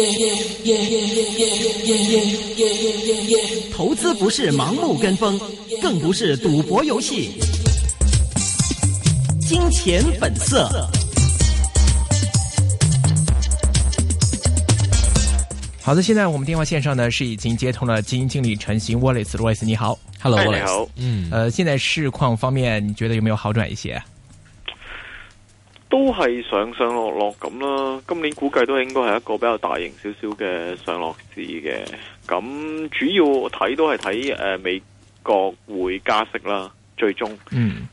Yeah, yeah, yeah, yeah, yeah, yeah, yeah. 投資不是盲目跟風，更不是賭博遊戲。金錢本色。色好的，現在我們電話線上呢是已經接通了基金經理陳行 w a l l a c e w a l c e 你好，Hello，Wallace。嗯，ita Arabic 呃，現在市況方面，你覺得有沒有好轉一些？都係上上落落咁啦，今年估計都應該係一個比較大型少少嘅上落市嘅。咁主要我睇都係睇誒美國會加息啦，最終，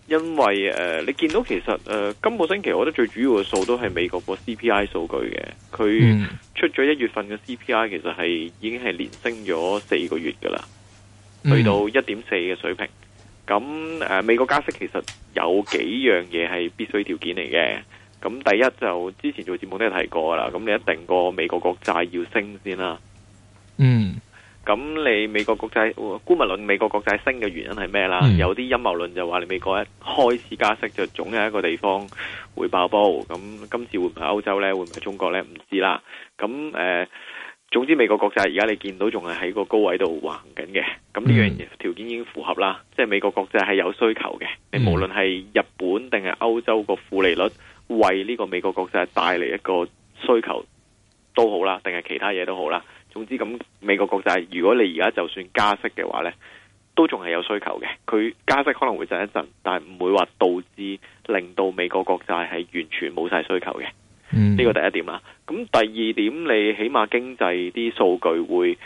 因為誒、呃、你見到其實誒、呃、今個星期，我覺得最主要嘅數都係美國個 CPI 數據嘅，佢出咗一月份嘅 CPI，其實係已經係連升咗四個月噶啦，去到一點四嘅水平。咁誒、呃，美國加息其實有幾樣嘢係必須條件嚟嘅。咁第一就之前做節目都係提過啦。咁你一定過美國國債要升先啦。嗯。咁你美國國債，姑勿論美國國債升嘅原因係咩啦？嗯、有啲陰謀論就話你美國一開始加息就總有一個地方會爆煲。咁今次會唔會係歐洲呢？會唔會係中國呢？唔知啦。咁誒。呃總之美國國債而家你見到仲係喺個高位度橫緊嘅，咁呢樣嘢條件已經符合啦。即係美國國債係有需求嘅，你無論係日本定係歐洲個負利率，為呢個美國國債帶嚟一個需求都好啦，定係其他嘢都好啦。總之咁，美國國債如果你而家就算加息嘅話呢，都仲係有需求嘅。佢加息可能會震一震，但係唔會話導致令到美國國債係完全冇晒需求嘅。呢、嗯、個第一點啦，咁第二點，你起碼經濟啲數據會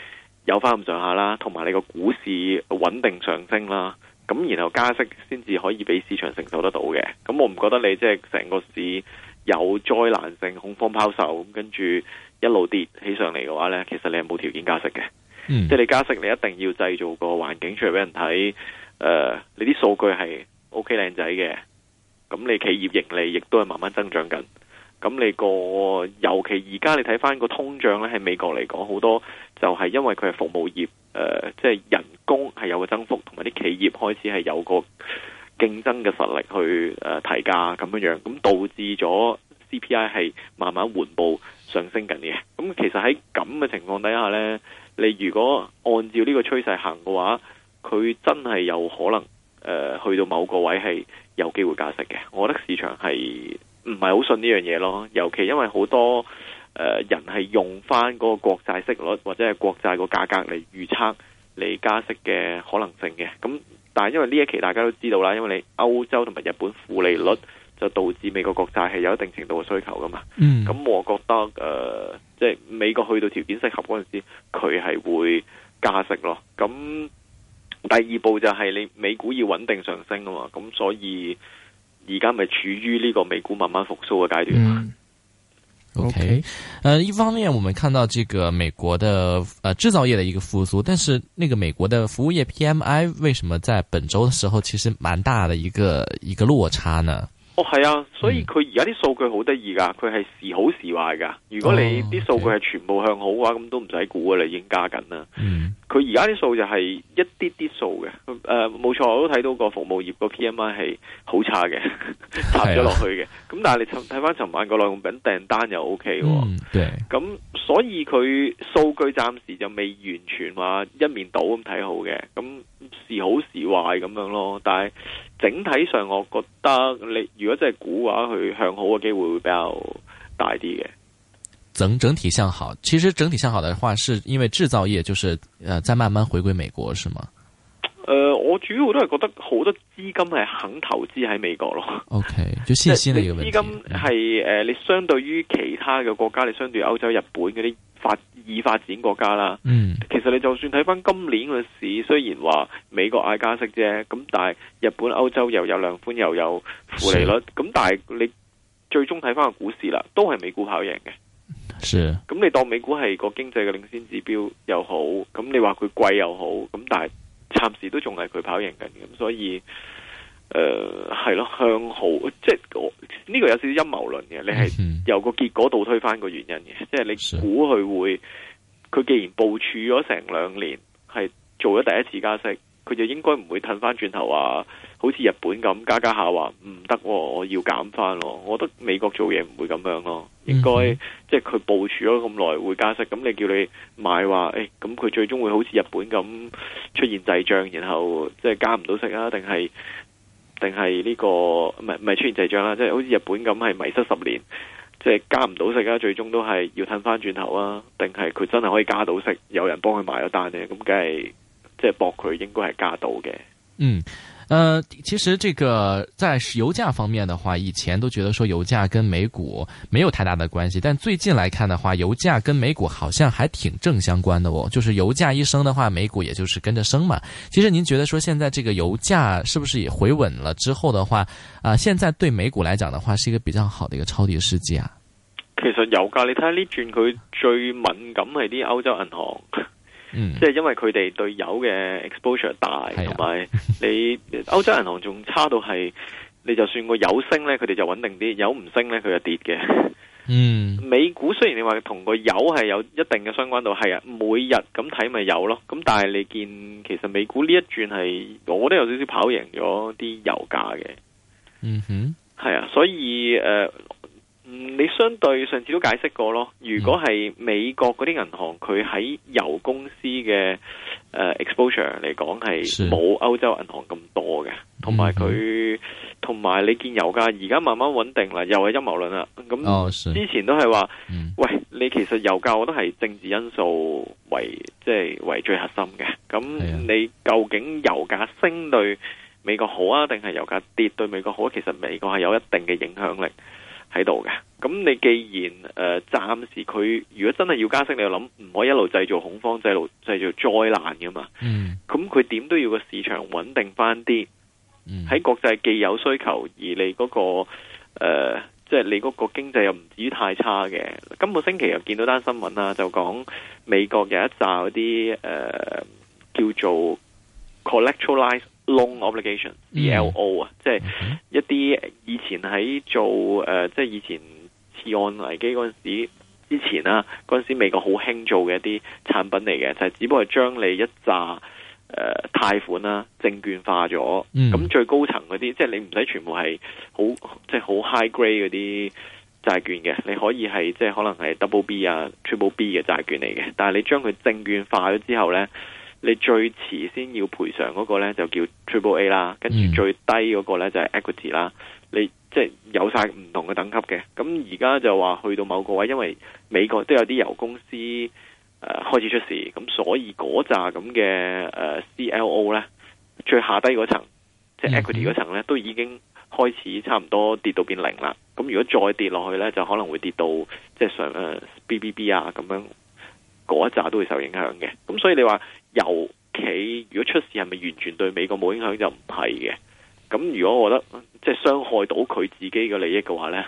有翻咁上下啦，同埋你個股市穩定上升啦，咁然後加息先至可以俾市場承受得到嘅。咁我唔覺得你即係成個市有災難性恐慌拋售，跟住一路跌起上嚟嘅話呢，其實你係冇條件加息嘅。嗯、即係你加息，你一定要製造個環境出嚟俾人睇，誒、呃，你啲數據係 OK 靚仔嘅，咁你企業盈利亦都係慢慢增長緊。咁你個尤其而家你睇翻個通脹咧，喺美國嚟講好多就係因為佢係服務業，誒，即係人工係有個增幅，同埋啲企業開始係有個競爭嘅實力去誒提價咁樣樣，咁導致咗 CPI 係慢慢緩步上升緊嘅。咁其實喺咁嘅情況底下呢，你如果按照呢個趨勢行嘅話，佢真係有可能誒去到某個位係有機會加息嘅。我覺得市場係。唔係好信呢樣嘢咯，尤其因為好多誒、呃、人係用翻嗰個國債息率或者係國債個價格嚟預測嚟加息嘅可能性嘅。咁但係因為呢一期大家都知道啦，因為你歐洲同埋日本負利率就導致美國國債係有一定程度嘅需求噶嘛。咁、mm. 我覺得誒，即、呃、係、就是、美國去到條件適合嗰陣時候，佢係會加息咯。咁第二步就係你美股要穩定上升啊嘛。咁所以。而家咪處於呢個美股慢慢復蘇嘅階段。嗯、okay，Okay，呃，一方面我們看到這個美國的呃製造業的一個復蘇，但是那個美國的服務業 PMI 為什麼在本周的時候其實蠻大的一個一個落差呢？係、哦、啊，所以佢而家啲數據好得意噶，佢係時好時壞噶。如果你啲數據係全部向好嘅話，咁都唔使估噶啦，你已經加緊啦。佢而家啲數就係一啲啲數嘅，誒、呃，冇錯，我都睇到個服務業個 PMI 係好差嘅，塌咗落去嘅。咁是、啊、但係你睇翻尋晚個耐用品訂單又 OK 嘅，咁、嗯嗯、所以佢數據暫時就未完全話一面倒咁睇好嘅，咁、嗯。是好是壞咁樣咯，但係整體上我覺得你如果真係估嘅話，佢向好嘅機會會比較大啲嘅。整整體向好，其實整體向好嘅話，是因為製造業就是，誒、呃，再慢慢回歸美國，是嗎？誒、呃，我主要都係覺得好多資金係肯投資喺美國咯。O、okay, K，即係你資金係誒、嗯呃，你相對於其他嘅國家，你相對於歐洲、日本嗰啲。發已發展國家啦，嗯、其實你就算睇翻今年嘅市，雖然話美國嗌加息啫，咁但係日本、歐洲又有量寬，又有負利率，咁是但係你最終睇翻個股市啦，都係美股跑贏嘅。咁是你當美股係個經濟嘅領先指標又好，咁你話佢貴又好，咁但係暫時都仲係佢跑贏緊，咁所以。誒，係咯，呃，向好，即係我呢、這個有少少陰謀論嘅，你係由個結果倒推翻個原因嘅，mm hmm. 即係你估佢會，佢既然部署咗成兩年，係做咗第一次加息，佢就應該唔會褪翻轉頭話，好似日本咁加加下話唔得，我要減翻咯。我覺得美國做嘢唔會咁樣咯，應該、mm hmm. 即係佢部署咗咁耐會加息，咁你叫你買話，誒，咁、哎、佢最終會好似日本咁出現滯脹，然後即係加唔到息啊，定係？定係呢個唔係唔係出現滯漲啦，即係好似日本咁係迷失十年，即係加唔到息啊，最終都係要褪翻轉頭啊。定係佢真係可以加到息，有人幫佢買咗單咧，咁梗係即係博佢應該係加到嘅。嗯。呃，其實這個在油價方面的話，以前都覺得說油價跟美股沒有太大的關係，但最近來看的話，油價跟美股好像還挺正相關的哦，就是油價一升的話，美股也就是跟着升嘛。其實您覺得說現在這個油價是不是也回穩了之後的話，啊、呃，現在對美股來講的話，是一個比較好的一個超跌時機啊？其實油價，你睇下呢轉佢最敏感係啲歐洲銀行。嗯、即係因為佢哋對油嘅 exposure 大，同埋、啊、你歐洲銀行仲差到係，你就算個油升呢，佢哋就穩定啲；油唔升呢，佢就跌嘅。嗯，美股雖然你話同個油係有一定嘅相關度，係啊，每日咁睇咪有咯。咁但係你見其實美股呢一轉係，我都有少少跑贏咗啲油價嘅。嗯哼，係啊，所以誒。呃嗯，你相對上次都解釋過咯。如果係美國嗰啲銀行，佢喺油公司嘅誒、呃、exposure 嚟講係冇歐洲銀行咁多嘅，同埋佢同埋你見油價而家慢慢穩定啦，又係陰謀論啦。咁之前都係話，哦嗯、喂，你其實油價我都係政治因素為即係、就是、為最核心嘅。咁你究竟油價升對美國好啊，定係油價跌對美國好？其實美國係有一定嘅影響力。喺度嘅，咁你既然誒、呃、暫時佢如果真係要加息，你又諗唔可以一路製造恐慌，製造災難㗎嘛？嗯，咁佢點都要個市場穩定翻啲，喺、mm. 國際既有需求，而你嗰、嗰個即係、呃即係、你嗰個經濟又唔至於太差嘅。今個星期又見到單新聞啦、啊，就講美國有一扎嗰啲誒叫做 collectualize。Loan Obligation，CLO 啊，即係一啲以前喺做誒，即、呃、係、就是、以前次按危機嗰陣時之前啦、啊，嗰陣時美國好興做嘅一啲產品嚟嘅，就係、是、只不過是將你一紮誒、呃、貸款啦、啊、證券化咗。咁、嗯、最高層嗰啲，即、就、係、是、你唔使全部係好即係好 high grade 嗰啲債券嘅，你可以係即係可能係 double B 啊，triple B 嘅債券嚟嘅，但係你將佢證券化咗之後咧。你最遲先要賠償嗰個咧就叫 Triple A 啦，跟住最低嗰個咧就係、是、Equity 啦。你即係、就是、有晒唔同嘅等級嘅。咁而家就話去到某個位，因為美國都有啲油公司誒、呃、開始出事，咁所以嗰扎咁嘅 CLO 咧最下低嗰層，即、就、係、是、Equity 嗰層咧都已經開始差唔多跌到變零啦。咁如果再跌落去咧，就可能會跌到即係、就是、上 BBB、呃、啊咁樣。嗰一扎都會受影響嘅，咁所以你話油企如果出事係咪完全對美國冇影響就唔係嘅？咁如果我覺得即係傷害到佢自己嘅利益嘅話呢，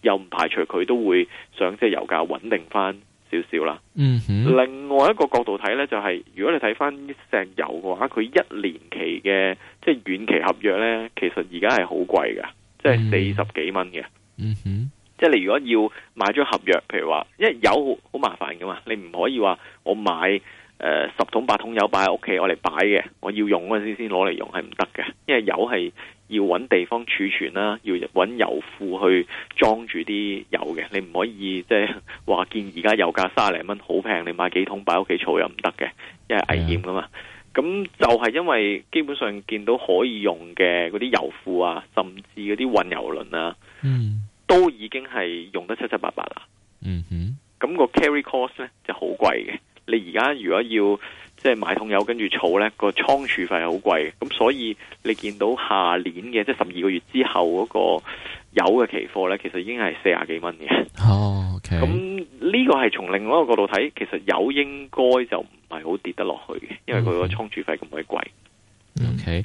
又唔排除佢都會想即係油價穩定翻少少啦。Mm hmm. 另外一個角度睇呢，就係、係、如果你睇翻石油嘅話，佢一年期嘅即係遠期合約呢，其實而家係好貴嘅，mm hmm. 即係四十幾蚊嘅。Mm hmm. 即係你如果要買張合約，譬如話，因為油好麻煩噶嘛，你唔可以話我買誒十、呃、桶、八桶油放在家裡擺喺屋企，我嚟擺嘅，我要用嗰陣時先攞嚟用，係唔得嘅。因為油係要揾地方儲存啦，要揾油庫去裝住啲油嘅，你唔可以即係話見而家油價三十零蚊好平，你買幾桶擺喺屋企儲又唔得嘅，因為危險噶嘛。咁 Yeah. 就係因為基本上見到可以用嘅嗰啲油庫啊，甚至嗰啲運油輪啊。嗯。Mm. 都已經係用得七七八八啦，嗯哼，咁個 carry cost 咧就好貴嘅。你而家如果要即係、就是、買桶油跟住儲咧，個倉儲費係好貴嘅。咁所以你見到下年嘅即係十二個月之後嗰個油嘅期貨咧，其實已經係四十幾蚊嘅。哦，咁呢個係從另外一個角度睇，其實油應該就唔係好跌得落去嘅，因為佢個倉儲費咁鬼貴。OK。Okay.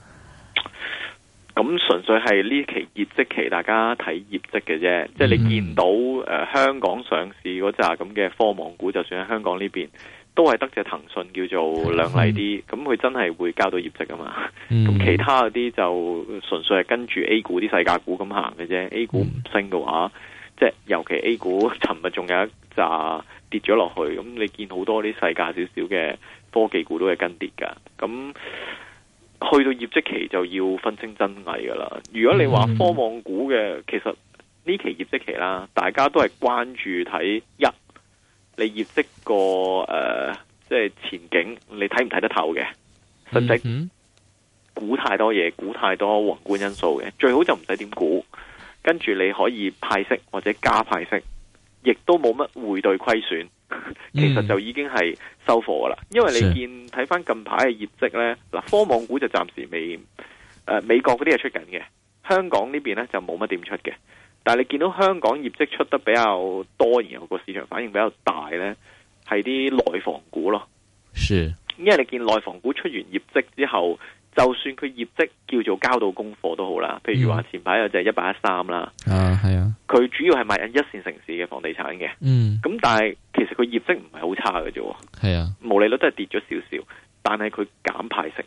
咁純粹係呢期業績期，大家睇業績嘅啫。即係、嗯、你見到誒、呃，香港上市嗰扎咁嘅科網股，就算喺香港呢邊都係得隻騰訊叫做亮麗啲。咁佢、嗯、真係會交到業績㗎嘛。咁、嗯、其他嗰啲就純粹係跟住 A 股啲細價股咁行嘅啫。A 股唔升嘅話，即係、嗯、尤其 A 股，尋日仲有一扎跌咗落去。咁你見好多啲細價少少嘅科技股都係跟跌㗎。咁去到業績期就要分清真偽噶啦。如果你話科網股嘅，其實呢期業績期啦，大家都係關注睇一，你業績個誒即係前景，你睇唔睇得透嘅？實際估太多嘢？估太多宏觀因素嘅，最好就唔使點估，跟住你可以派息或者加派息，亦都冇乜匯兌虧損。 其實就已經係收貨噶啦，因為你見睇翻近排嘅業績呢嗱是科網股就暫時未誒、呃、美國嗰啲係出緊嘅，香港呢邊咧就冇乜點出嘅。但係你見到香港業績出得比較多，然後個市場反應比較大呢係啲內房股咯。是，因為你見內房股出完業績之後，就算佢業績叫做交到功課都好啦，譬如話前排就係一百一三啦，啊係啊，佢主要係賣緊一線城市嘅房地產嘅。嗯，咁但係。其實佢業績唔係好差嘅啫，係啊，毛利率都係跌咗少少，但係佢減派息，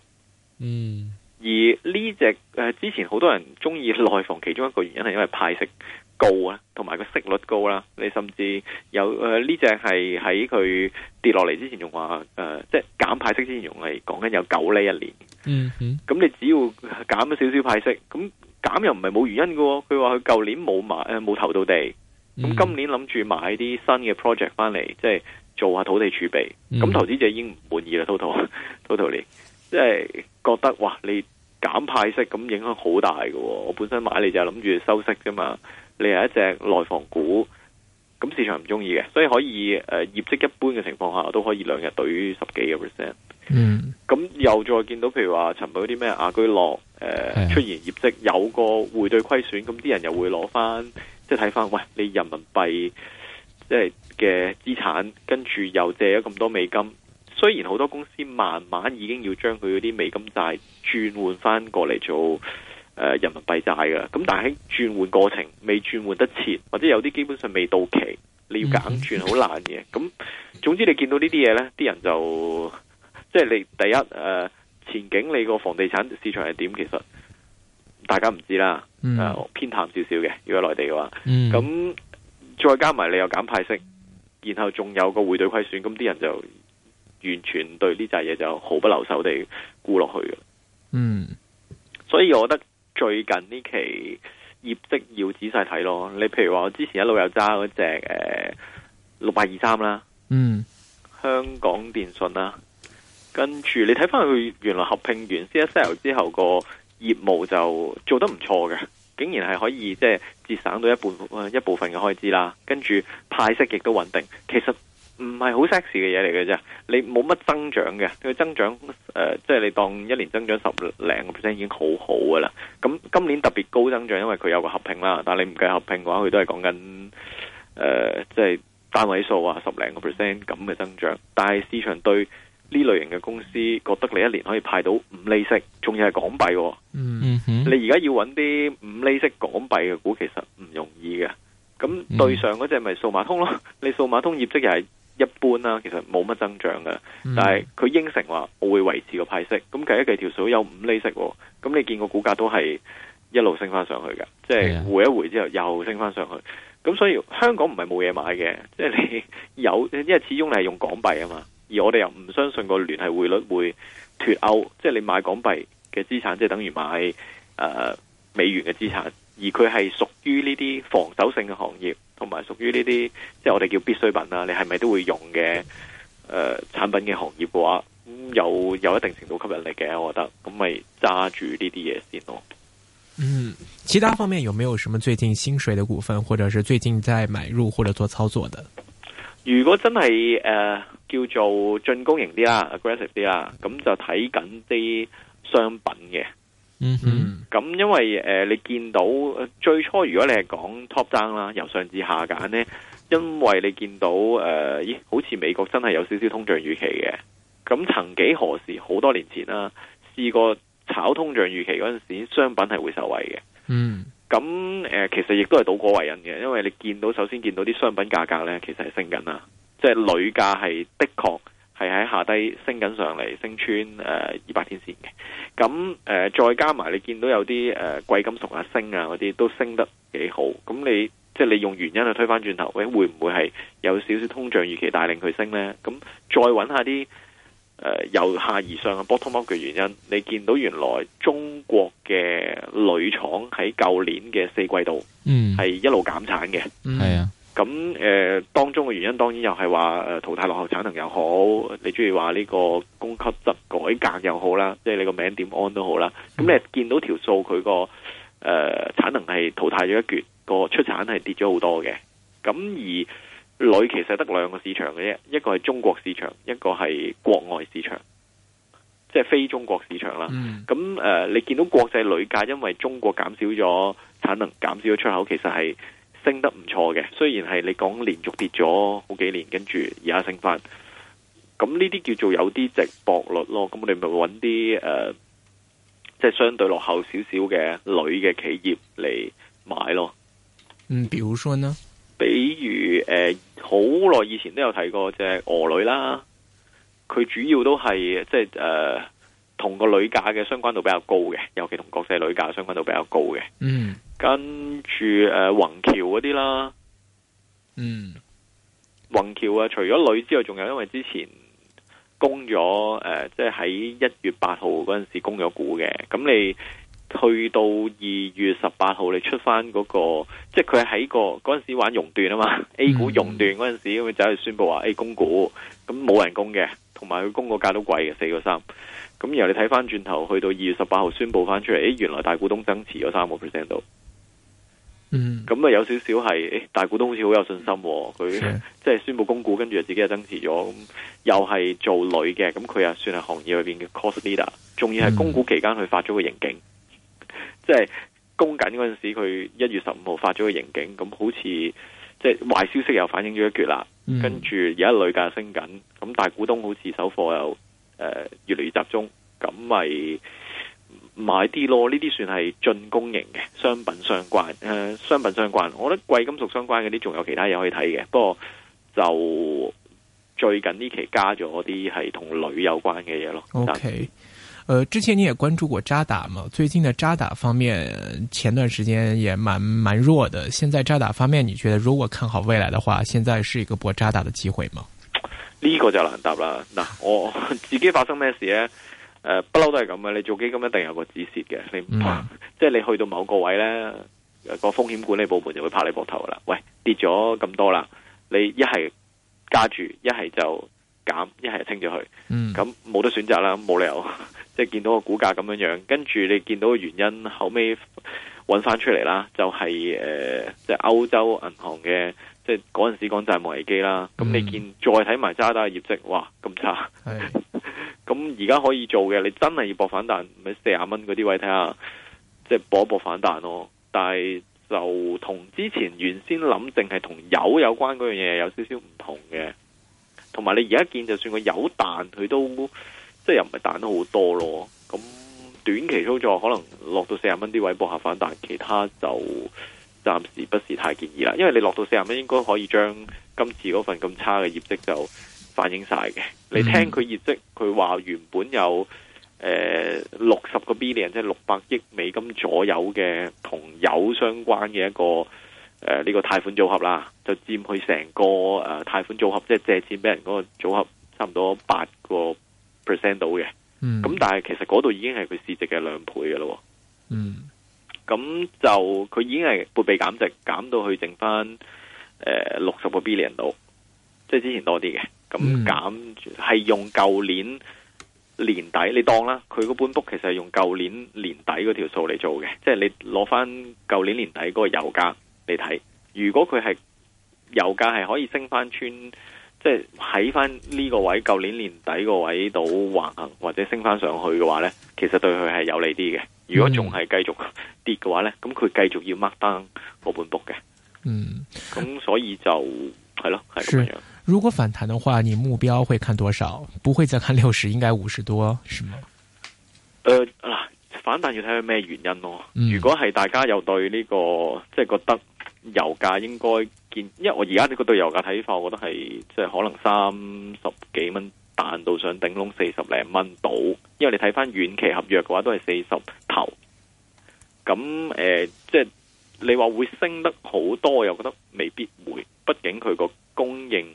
嗯，而呢隻誒之前好多人中意內房，其中一個原因係因為派息高啊，同埋個息率高啦，你甚至有誒呢隻係喺佢跌落嚟，之前仲話誒，即係減派息之前仲係講緊有九厘一年，嗯、嗯、咁你只要減咗少少派息，咁減又唔係冇原因嘅，佢話佢舊年冇埋，誒、呃、冇投到地。咁、嗯、今年諗住買啲新嘅 project 翻嚟，即、就、係、是、做下土地儲備。咁投資者已經唔滿意啦，total，totally 即係覺得哇，你減派息咁影響好大嘅。我本身買嚟就係諗住收息啫嘛，你係一隻內房股，咁市場唔中意嘅，所以可以誒、呃、業績一般嘅情況下，都可以兩日對於十幾個 percent。嗯，咁又再見到譬如話，尋日嗰啲咩雅居樂誒、呃、的出現業績有個匯兌虧損，咁啲人又會攞翻。睇翻，喂，你人民幣即係嘅資產，跟住又借咗咁多美金。雖然好多公司慢慢已經要將佢嗰啲美金債轉換翻過嚟做誒、呃、人民幣債噶啦，咁但係喺轉換過程未轉換得切，或者有啲基本上未到期，你要夾硬轉好難嘅。咁總之你見到呢啲嘢呢，啲人就即係你第一誒、呃、前景，你個房地產市場係點其實？大家唔知啦，嗯呃，偏淡少少嘅。如果內地嘅話，咁，嗯、再加埋你又減派息，然後仲有個匯兌虧損，咁啲人就完全對呢隻嘢就毫不留手地沽落去嘅。嗯，所以我覺得最近呢期業績要仔細睇咯。你譬如話我之前一路有揸嗰隻誒六八二三啦，嗯，香港電訊啦，跟住你睇翻佢原來合併完 C S L 之後個。業務就做得唔錯嘅，竟然係可以即係、就是、節省到一部一部分嘅開支啦。跟住派息亦都穩定，其實唔係好 sexy 嘅嘢嚟嘅啫。你冇乜增長嘅，佢增長誒即係你當一年增長十零個 percent 已經好好嘅啦。咁今年特別高增長，因為佢有個合併啦。但係你唔計合併嘅話，佢都係講緊誒即係單位數啊十零個 percent 咁嘅增長。但係市場對呢類型嘅公司覺得，你一年可以派到五厘息，仲要係港幣喎，哦嗯。嗯，嗯，你而家要揾啲五厘息港幣嘅股，其實唔容易嘅。咁對上嗰隻咪數碼通咯。你數碼通業績又係一般啦，其實冇乜增長嘅。嗯、但係佢應承話我會維持個派息，咁計一計條數有五厘息，哦，咁你見個股價都係一路升翻上去嘅，即係回一回之後又升翻上去。咁，嗯、所以香港唔係冇嘢買嘅，即係你有，因為始終你係用港幣啊嘛。而我哋又唔相信個聯繫匯率會脱鈎，即係你買港幣嘅資產，即係等於買誒美元嘅資產。而佢係屬於呢啲防守性嘅行業，同埋屬於呢啲即係我哋叫必需品啦。你係咪都會用嘅誒產品嘅行業嘅話，嗯，有有一定程度吸引力嘅，我覺得咁咪揸住呢啲嘢先咯。嗯，其他方面有沒有什麼最近心水嘅股份，或者是最近在買入或者做操作的？如果真係誒、呃、叫做進攻型啲啦，aggressive 啲啦，咁就睇緊啲商品嘅。Mm hmm. 嗯哼，咁因為誒、呃、你見到最初如果你係講 top down 啦，由上至下揀呢，因為你見到誒、呃、咦，好似美國真係有少少通脹預期嘅。咁曾幾何時，好多年前啦、啊，試過炒通脹預期嗰陣時，商品係會受惠嘅。嗯、mm。Hmm. 咁誒、呃，其實亦都係倒果為因嘅，因為你見到首先見到啲商品價格呢，其實係升緊啦，即係鋁價係的確係喺下低升緊上嚟，升穿誒二百天綫嘅。咁誒、呃，再加埋你見到有啲誒貴金屬啊升啊嗰啲，都升得幾好。咁你即係、就是、你用原因去推翻轉頭，喂，會唔會係有少少通脹預期帶領佢升呢？咁再搵下啲。誒、呃，由下而上嘅 bottom up 嘅原因，你見到原來中國嘅鋁廠喺舊年嘅四季度是一產的，嗯，係一路減產嘅，係啊。咁、呃、誒，當中嘅原因，當然又係話誒淘汰落後產能又好，你中意話呢個供給側改革又好啦，即係你個名點安都好啦。咁你見到條數，佢個誒產能係淘汰咗一橛，個出產係跌咗好多嘅。咁而鋁其實得兩個市場嘅啫，一個係中國市場，一個係國外市場，即係非中國市場啦。咁誒、嗯呃，你見到國際鋁價因為中國減少咗產能，減少咗出口，其實係升得唔錯嘅。雖然係你講連續跌咗好幾年，跟住而家升翻。咁呢啲叫做有啲值博率咯。咁你咪搵啲誒，即、呃、係、就是、相對落後少少嘅鋁嘅企業嚟買咯。嗯，比如說呢？比如誒，好、呃、耐以前都有提過隻、就是、俄女啦，佢主要都係即係誒，同、呃、個女價嘅相關度比較高嘅，尤其同國際女價相關度比較高嘅。嗯跟，跟住誒，宏橋嗰啲啦，嗯，宏橋啊，除咗女之外，仲有因為之前供咗誒、呃，即係喺一月八號嗰陣時供咗股嘅，咁你。去到二月十八號，你出翻嗰、那個，即係佢喺個嗰陣時玩熔斷啊嘛。A 股熔斷嗰陣時咁、嗯、就係宣布話 A 股供股，咁冇人工嘅，同埋佢供個價都貴嘅四個三。咁然後你睇翻轉頭，去到二月十八號宣布翻出嚟，誒、欸，原來大股東增持咗三個 percent 度。咁啊、嗯、有少少係誒，大股東好似好有信心、哦，佢的即係宣布供股，跟住自己又增持咗、嗯，又係做女嘅，咁佢又算係行業裏邊嘅 cost leader，仲要係供股期間去發咗個盈警。即係供緊嗰陣時，佢一月十五號發咗個盈警，咁好似即係壞消息又反映咗一缺啦。跟住而家鋁價升緊，咁大股東好似手貨又誒、呃、越嚟越集中，咁咪買啲咯？呢啲算係進攻型嘅商品相關誒、呃，商品相關。我覺得貴金屬相關嗰啲仲有其他嘢可以睇嘅，不過就最近呢期加咗啲係同鋁有關嘅嘢咯。OK。呃、之前你也關注過渣打嘛？最近的渣打方面，前段時間也蠻蠻弱的。現在渣打方面，你覺得如果看好未來的話，現在是一個搏渣打的機會嗎？呢個就難答啦。嗱、啊，我自己發生咩事呢？呃、不嬲都係咁嘅，你做基金一定有個止蝕嘅，你唔怕。嗯、即係你去到某個位呢，個風險管理部門就會拍你膊頭啦。喂，跌咗咁多啦，你一係加住，一係就減，一係清咗去。嗯。咁冇得選擇啦，冇理由。即係見到個股價咁樣樣，跟住你見到個原因，後尾搵翻出嚟啦，就係、是、誒，即係歐洲銀行嘅，即係嗰陣時講債務危機啦。咁、嗯、你見再睇埋渣打嘅業績，哇，咁差。係的。咁而家可以做嘅，你真係要搏反彈，咪四十蚊嗰啲位睇下，即係搏一搏反彈咯。但係就同之前原先諗淨係同油有關嗰樣嘢有少少唔同嘅，同埋你而家見就算個油彈佢都。即係又唔係彈得好多咯，咁短期操作可能落到四十蚊啲位博下反彈，但係其他就暫時不是太建議啦。因為你落到四十蚊，應該可以將今次嗰份咁差嘅業績就反映曬嘅。你聽佢業績，佢話原本有誒六十個 billion，即係六百億美金左右嘅同油相關嘅一個呢、呃呢個貸款組合啦，就佔去成個誒呃貸款組合，即係借錢俾人嗰個組合差唔多八個 percent 到嘅，咁、嗯、但係其實嗰度已經係佢市值嘅兩倍嘅咯。嗯，咁就佢已經係撥備減值減到去剩翻誒六十個 billion 度，即係之前多啲嘅。咁減係用舊年年底你當啦，佢嗰本 book 其實係用舊年年底嗰條數嚟做嘅，即係你攞翻舊年年底嗰個油價你睇，如果佢係油價係可以升翻穿。即係喺翻呢個位，舊年年底個位度橫行或者升翻上去嘅話咧，其實對佢係有利啲嘅。如果仲係繼續跌嘅話咧，咁佢繼續要 mark down 嗰本簿嘅。嗯，咁所以就係咯，係咁是樣。如果反彈嘅話，你目標會看多少？不會再看六十，應該五十多，是嗎？誒，嗱，反彈要睇下咩原因咯。嗯、如果係大家又對呢、這個，即係覺得油價應該。因為我而家你嗰對油價睇法，我覺得係即係可能三十幾蚊彈到上頂籠四十零蚊度。因為你睇翻遠期合約嘅話，都係四十頭。咁誒，即、呃、係、就是、你話會升得好多，我又覺得未必會。畢竟佢個供應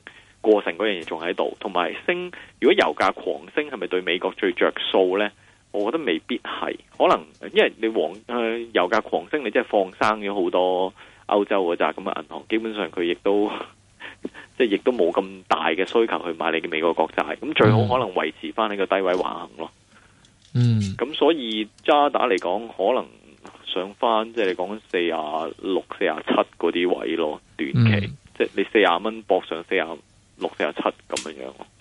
過剩嗰樣嘢仲喺度，同埋升。如果油價狂升，係咪對美國最着數呢？我覺得未必係，可能因為你黃、呃、油價狂升，你即係放生咗好多。歐洲嗰扎咁嘅銀行，基本上佢亦都即係亦都冇咁大嘅需求去買你嘅美國國債，咁最好可能維持翻你個低位橫行咯。嗯，咁所以渣打嚟講，可能上翻即係你講緊四廿六、四廿七嗰啲位咯，短期、嗯、即係你四廿蚊博上四廿六、四廿七咁樣樣咯。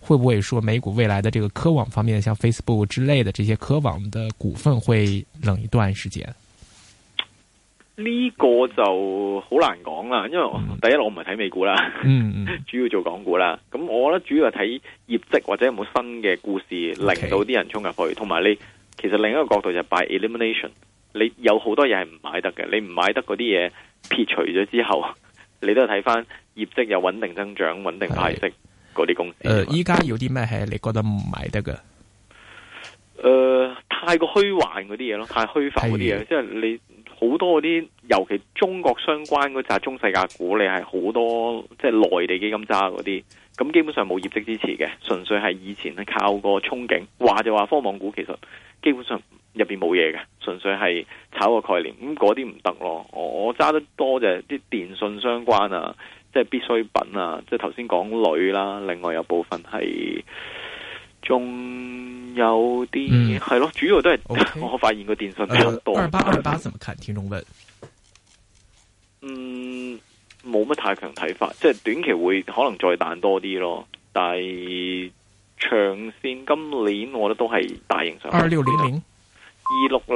會唔會說美股未來的這個科網方面，像 Facebook 之類的這些科網的股份會冷一段時間？呢個就好難講啦，因為第一我唔係睇美股啦，嗯、主要做港股啦。咁我呢主要係睇業績或者有冇新嘅故事令到啲人沖入去，同埋 Okay. 你其實另一個角度就係 by elimination，你有好多嘢係唔買得嘅，你唔買得嗰啲嘢撇除咗之後，你都係睇翻業績有穩定增長、穩定派息。嗰啲公司，誒、呃，依家有啲咩？係你覺得唔買得嘅？誒、呃，太過虛幻嗰啲嘢咯，太虛浮嗰啲嘢，的即係你好多嗰啲，尤其中國相關嗰扎中世界股，你係好多即係內地基金揸嗰啲，咁基本上冇業績支持嘅，純粹係以前係靠個憧憬，話就話科網股其實基本上入邊冇嘢嘅，純粹係炒個概念，咁嗰啲唔得咯。我我揸得多就係啲電信相關啊。即係必需品啊！即係頭先講鋁啦，另外有部分係，仲有啲係咯，主要都係 Okay. 我發現個電信比較多。二八二八，怎麼看？聽眾問。嗯，冇乜太強睇法，即係短期會可能再彈多啲咯，但係長線今年我覺得都係大型上的。二六零零。二六零零。